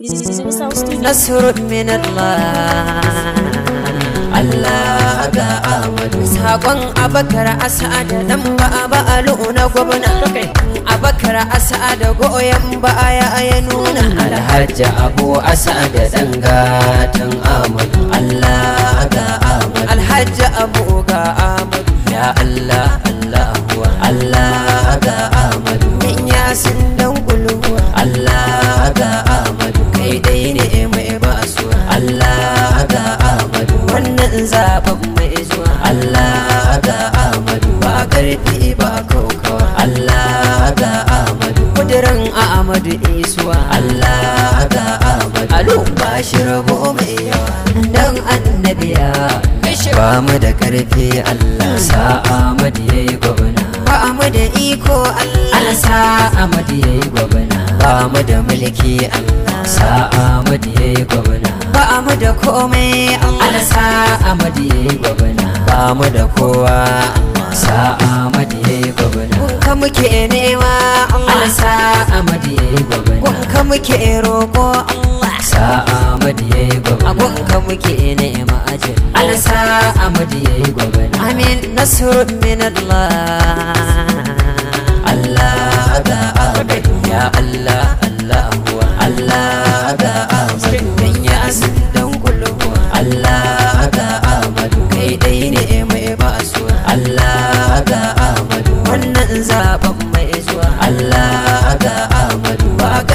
نصر من الله Allah ga Ahmadu Sakon Abakar Asa'ad nan ba a ba a na gwamna Abakar Asa'ad goyon ba a ya ya nuna Alhaji Abu Asa'ad dan gatan Amadu. Allah ga Ahmadu Alhaji Abu ga Amadu. Ya Allah Allah Allah ga Ahmadu Yasin dan garin zaben mai zuwa Allah ga Ahmadu ba karfi ba kokawa Allah ga Ahmadu kudirin Ahmadu isuwa Allah ga Ahmadu alu ba shi rabo mai yawa dan annabiya ba mu da karfi Allah sa Ahmadu yi gwabna. ba mu da iko Allah Allah sa Ahmadu yi gwabna. ba mu da mulki Allah sa Ahmadu yi gwabna. ba mu da komai haɗa mu da kowa sa'a madiye gwabna ka muke nema Allah ah, sa'a madiye gwabna ka muke roƙo sa'a madiye gwabna Kunka muke nema ajin Allah sa'a madiye gwabna amin nasru min Allah Allah da ya Allah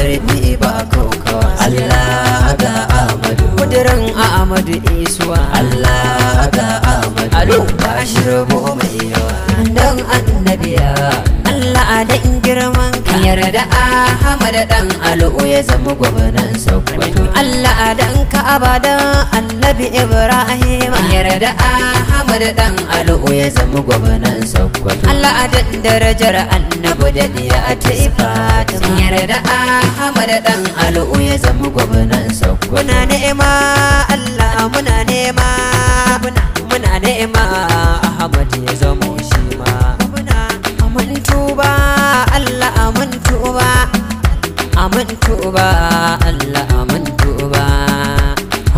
sarki ba kokowa Allah ga Ahmadu kudirin Ahmadu Isuwa Allah ga Ahmadu Alu ba shi mai yawa dan annabiya hamada dan Alu ya zama gwamnan Sokoto Allah dan Ka'aba dan Annabi Ibrahim yarda hamada dan Alu ya zama gwamnan Sokoto Allah dan darajar Annabi da ya ta Fatima yarda hamada dan Alu ya zama gwamnan Sokoto muna nema, Allah muna nema, muna nema. tuba Allah mun tuba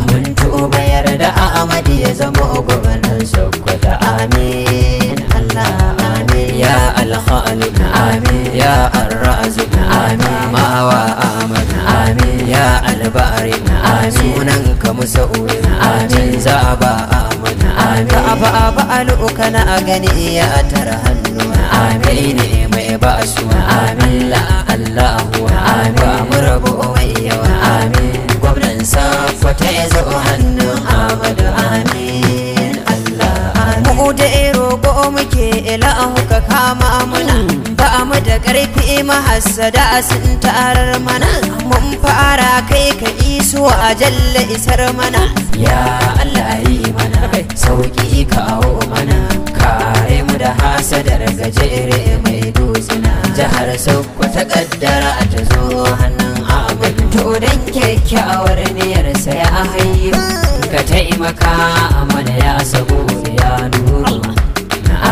mun tuba yarda Ahmad ya zama gwamnan Sokoto amin Allah amin ya al-Khaliq amin ya ar-Razik amin mawa amin amin ya al-Bari amin sunanka musawwir amin zaba amin amin ba aba aluka na gani ya tar hannu amin ne mai ba su amin la Allah kai zo hannu amadu amin Allah mu da roƙo muke ilahu ka kama mana ba mu da ƙarfi mahassada sun tarar mana mun fara kai ka iso a jalla isar mana ya Allah yi mana sauƙi kawo mana kare mu da hasadar gajere mai dutsina jihar Sokoto ta kaddara ta zo hannun abin to dan kyakkyawar niyyar a hayyu ka taimaka mana ya sabo ya nuru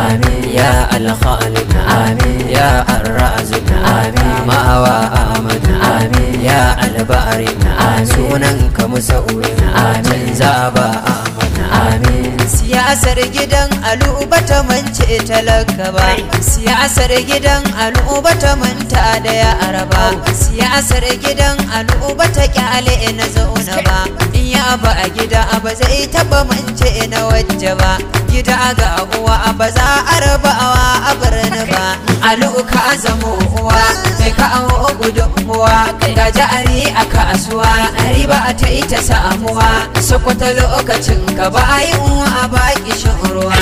amin ya alkhalik amin ya arrazik amin ma'awa ahmad amin ya albari sunan ka musa'u amin zaba siyasar gidan al'uba ta mance talaka ba siyasar gidan al'uba ta manta da ya araba siyasar gidan al'uba ta kyale na zauna ba in ya ba a gida a ba zai taba mance na wajja ba gida ga uwa ba za a rabawa a birni ba A ka zamo uwa kai ka awo gudunmuwa ga jari a kasuwa riba a ta ita samuwa sokoto lokacin ka ba a yi a baki shan ruwa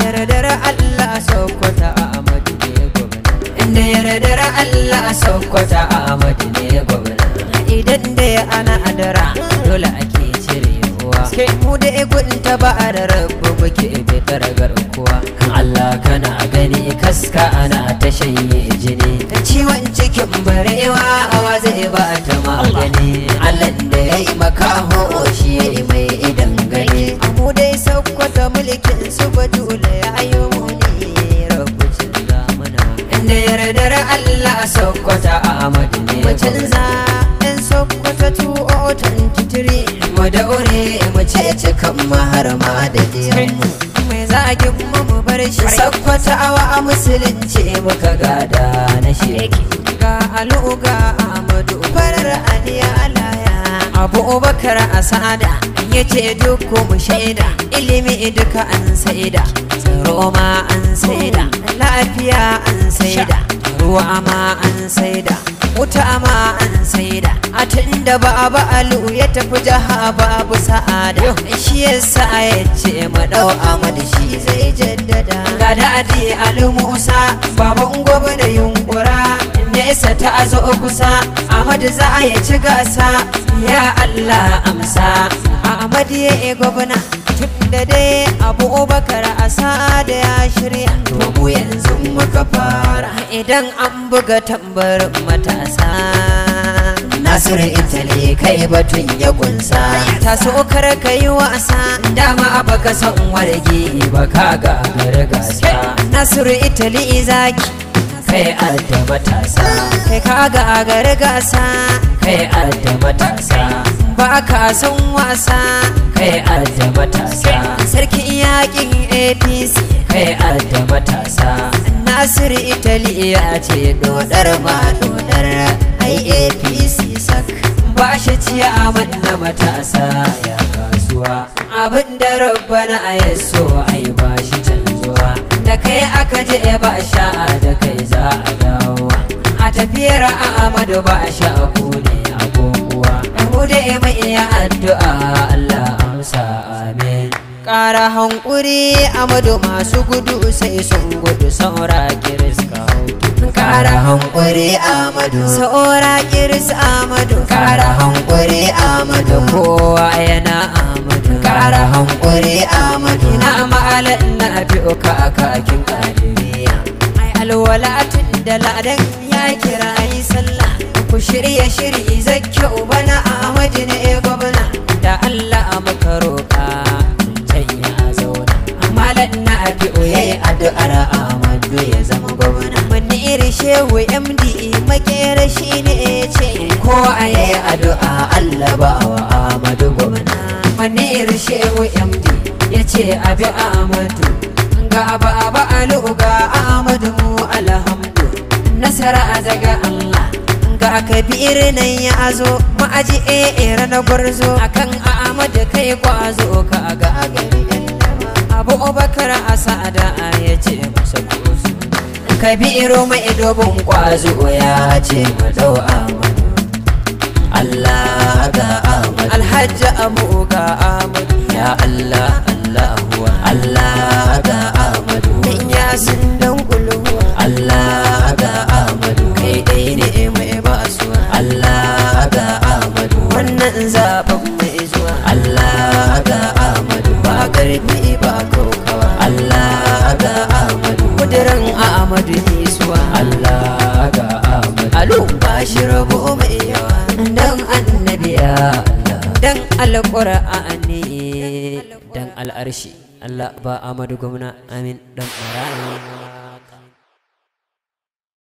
yardar Allah sokota a amadu gwamna inda yardar Allah sokota a amadu ne gwamna idan da ya ana adara dole ake cirewa Ke mu da igunta ba a da rabu muke bitar garkuwa Allah kana gani kaska ana canza yan sokoto 2023 mu daure mu cece kan maharma da jiyanmu mai zagin kuma mu bar shi sokoto awa a musulunci muka gada na shi ga alu ga amadu farar aliya alaya abu bakar asada ya ce duk mu shaida ilimi duka an saida tsaro ma an saida lafiya an saida ruwa ma an saida wuta ma an saida a tun da baba alu ya tafi jaha babu sa'ada shi yasa ya ce madau amadu shi zai jaddada ga dadi alu musa babban gobe da yunkura nesa ta zo kusa Ahmad za a ya ci gasa ya Allah amsa Ahmad ya e gwamna tun da dai Abubakar asa da ya shirya to yanzu muka fara idan an buga tambar matasa Nasiru Italy kai batun ya kunsa Taso kar ka yi wasa Dama a baka son warge ka ga gasa Nasiru Italy zaki kai adda matasa kai kaga a gari gasa kai adda matasa ba ka son wasa kai adda matasa sarki yakin apc kai adda matasa nasir italiya ce dodar ma dodar ai apc sak ba shi ciyaman na matasa ya kasuwa abin da rabba so ayaso ai ba shi da kai aka je eh, ba a da kai za a dawo a tafiyar a Amadu ba a sha a ne abubuwa mu da mai ya addu'a Allah amsa amin Kara hankuri amadu masu gudu sai sun gudu saura kiris kara hankuri amadu saura kiris amadu kara hankuri amadu kowa yana amadu kara hankuri ka a kakin adiriya ai alwala tun da ladan ya kira yi sallah ku shirya shiri zakke ubana ahmadu ne gwamna da allah a maka roƙa can ya zauna amma lanna a fi'o ya yi addu'ar Amadu ya zama gwamna wani iri shehu md makera shi ne ce ko a yi addu'a allah ba wa Amadu gwamna wani iri shehu md ya ce abi Amadu. ga baba alu ga ahmadu mu alhamdu nasara daga allah ga kabir nan ya zo ma'aji e na gwarzo akan ahmadu kai kwazo ka ga gari abu bakar asada ya ce masa kuzu kabiru mai dobin kwazo ya ce madau ahmadu allah ga ahmadu alhaji Abu ga ahmadu ya allah zaɓen mai zuwa Allah ga Ahmadu ba karfi ba kokawa Allah ga Ahmadu kudirin Ahmadu nisuwa Allah ga Ahmadu alu ba shi rabo mai yawa dan annabiya dan alƙur'ani dan al'arshi Allah ba Ahmadu gwamna amin dan mara'a